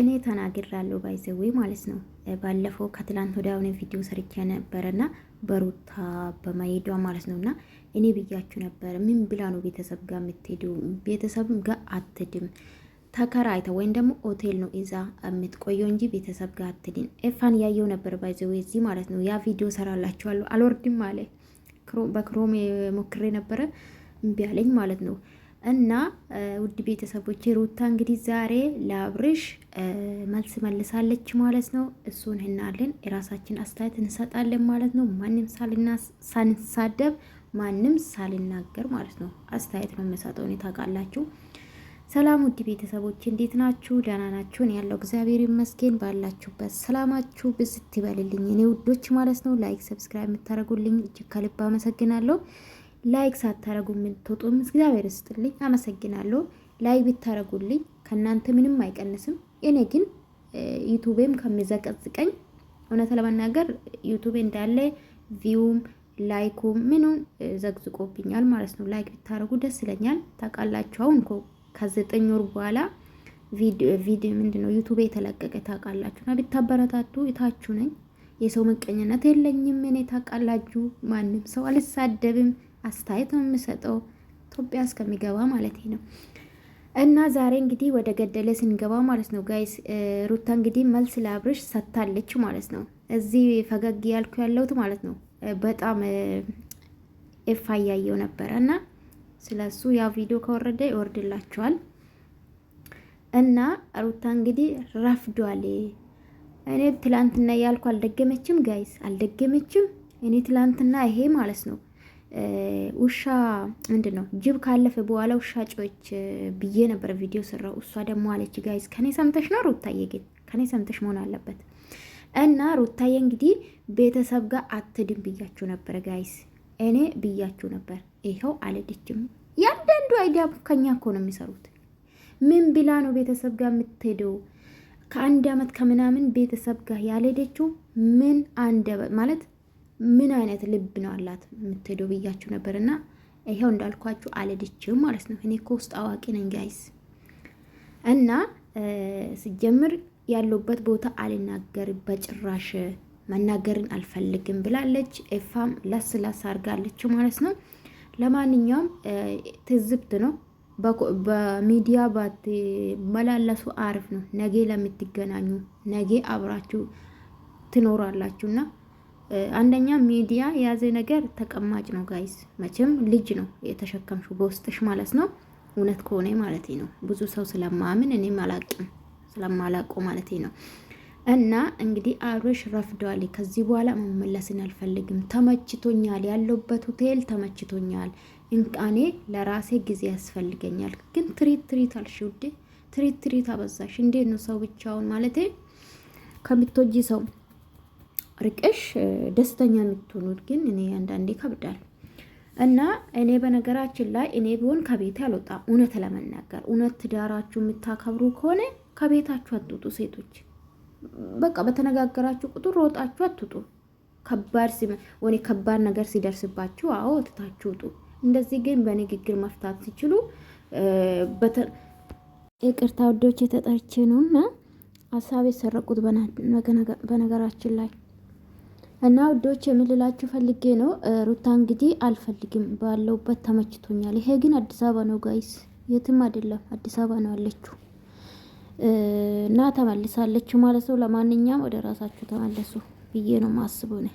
እኔ ተናግራለሁ ባይዘዌ ማለት ነው። ባለፈው ከትላንት ወደ አሁን ቪዲዮ ሰርቼ ነበረና በሩታ በማሄዷ ማለት ነው። እና እኔ ብያችሁ ነበር፣ ምን ብላ ነው ቤተሰብ ጋር የምትሄዱ? ቤተሰብ ጋር አትድም። ተከራይታ ወይም ደግሞ ሆቴል ነው እዛ የምትቆየው እንጂ ቤተሰብ ጋር አትድን። ኤፋን ያየው ነበር ባይዘዌ እዚህ ማለት ነው። ያ ቪዲዮ ሰራላችኋለሁ አልወርድም አለ። በክሮም ሞክሬ ነበረ እምቢ አለኝ ማለት ነው። እና ውድ ቤተሰቦች ሩታ እንግዲህ ዛሬ ለአብርሽ መልስ መልሳለች ማለት ነው። እሱን እናለን የራሳችን አስተያየት እንሰጣለን ማለት ነው። ማንም ሳንሳደብ ማንም ሳልናገር ማለት ነው አስተያየት ነው የምንሰጠው። እኔ ታውቃላችሁ። ሰላም ውድ ቤተሰቦች እንዴት ናችሁ? ደህና ናችሁን? ያለው እግዚአብሔር ይመስገን። ባላችሁበት ሰላማችሁ ብዝት ይበልልኝ። እኔ ውዶች ማለት ነው ላይክ ሰብስክራይብ የምታደርጉልኝ እጅግ ከልብ አመሰግናለሁ። ላይክ ሳታረጉ የምትወጡም እግዚአብሔር ይስጥልኝ፣ አመሰግናለሁ። ላይክ ብታረጉልኝ ከእናንተ ምንም አይቀንስም። እኔ ግን ዩቱቤም ከሚዘቀዝቀኝ እውነት ለመናገር ዩቱቤ እንዳለ ቪውም ላይኩም ምኑን ዘግዝቆብኛል ማለት ነው። ላይክ ብታረጉ ደስ ይለኛል። ታውቃላችሁ አሁን እኮ ከዘጠኝ ወር በኋላ ቪዲዮ ምንድን ነው ዩቱቤ የተለቀቀ ታውቃላችሁ። እና ብታበረታቱ እታችሁ ነኝ። የሰው መቀኝነት የለኝም እኔ ታውቃላችሁ። ማንም ሰው አልሳደብም። አስተያየት ነው የምሰጠው ኢትዮጵያ እስከሚገባ ማለት ነው። እና ዛሬ እንግዲህ ወደ ገደለ ስንገባ ማለት ነው ጋይስ፣ ሩታ እንግዲህ መልስ ለአብርሽ ሰጥታለች ማለት ነው። እዚህ ፈገግ ያልኩ ያለሁት ማለት ነው በጣም ኤፋ እያየው ነበረ እና ስለሱ ያ ቪዲዮ ከወረደ ይወርድላቸዋል። እና ሩታ እንግዲህ ረፍዷል። እኔ ትላንትና ያልኩ አልደገመችም ጋይስ፣ አልደገመችም። እኔ ትላንትና ይሄ ማለት ነው ውሻ ምንድን ነው ጅብ ካለፈ በኋላ ውሻ ጮች ብዬ ነበር ቪዲዮ ስራው። እሷ ደግሞ አለች ጋይዝ ከኔ ሰምተሽ ነው ሩታዬ፣ ግን ከኔ ሰምተሽ መሆን አለበት እና ሩታዬ እንግዲህ ቤተሰብ ጋር አትድም ብያችሁ ነበር ጋይዝ፣ እኔ ብያችሁ ነበር። ይኸው አልሄደችም። ያንዳንዱ አይዲያ ከኛ እኮ ነው የሚሰሩት። ምን ብላ ነው ቤተሰብ ጋር የምትሄደው? ከአንድ አመት ከምናምን ቤተሰብ ጋር ያልሄደችው ምን አንደበት ማለት ምን አይነት ልብ ነው አላት የምትሄደው ብያችሁ ነበር። እና ይኸው እንዳልኳችሁ አልድችም ማለት ነው። እኔ እኮ ውስጥ አዋቂ ነኝ ጋይስ። እና ስጀምር ያለበት ቦታ አልናገር በጭራሽ መናገርን አልፈልግም ብላለች። ኤፋም ለስላስ አድርጋለች ማለት ነው። ለማንኛውም ትዝብት ነው። በሚዲያ ባትመላለሱ አሪፍ ነው። ነጌ ለምትገናኙ ነጌ አብራችሁ ትኖራላችሁና አንደኛ ሚዲያ የያዘ ነገር ተቀማጭ ነው ጋይስ። መቼም ልጅ ነው የተሸከምሹ በውስጥሽ ማለት ነው። እውነት ከሆነ ማለት ነው። ብዙ ሰው ስለማምን እኔም አላቅም ስለማላቁ ማለት ነው። እና እንግዲህ አብርሽ ረፍዷል። ከዚህ በኋላ መመለስን አልፈልግም። ተመችቶኛል፣ ያለሁበት ሆቴል ተመችቶኛል። እንቃኔ ለራሴ ጊዜ ያስፈልገኛል። ግን ትሪት ትሪት አልሽ ውዴ፣ ትሪት ትሪት አበዛሽ። እንዴት ነው ሰው ብቻውን ማለት ከምትወጂ ሰው ርቀሽ ደስተኛ የምትሆኑት ግን እኔ አንዳንዴ ይከብዳል። እና እኔ በነገራችን ላይ እኔ ቢሆን ከቤት አልወጣም። እውነት ለመናገር እውነት ትዳራችሁ የምታከብሩ ከሆነ ከቤታችሁ አትውጡ። ሴቶች በቃ በተነጋገራችሁ ቁጥር ወጣችሁ አትውጡ። ከባድ ወኔ ከባድ ነገር ሲደርስባችሁ፣ አዎ ወጥታችሁ ውጡ። እንደዚህ ግን በንግግር መፍታት ሲችሉ ይቅርታ ውዶች የተጠርቼ ነው እና ሀሳብ የሰረቁት በነገራችን ላይ እና ውዶች የምልላችሁ ፈልጌ ነው። ሩታ እንግዲህ አልፈልግም ባለውበት ተመችቶኛል። ይሄ ግን አዲስ አበባ ነው ጋይስ፣ የትም አይደለም አዲስ አበባ ነው ያለችው እና ተመልሳለች ማለት ነው። ለማንኛውም ወደ ራሳችሁ ተመለሱ ብዬ ነው ማስቡ ነ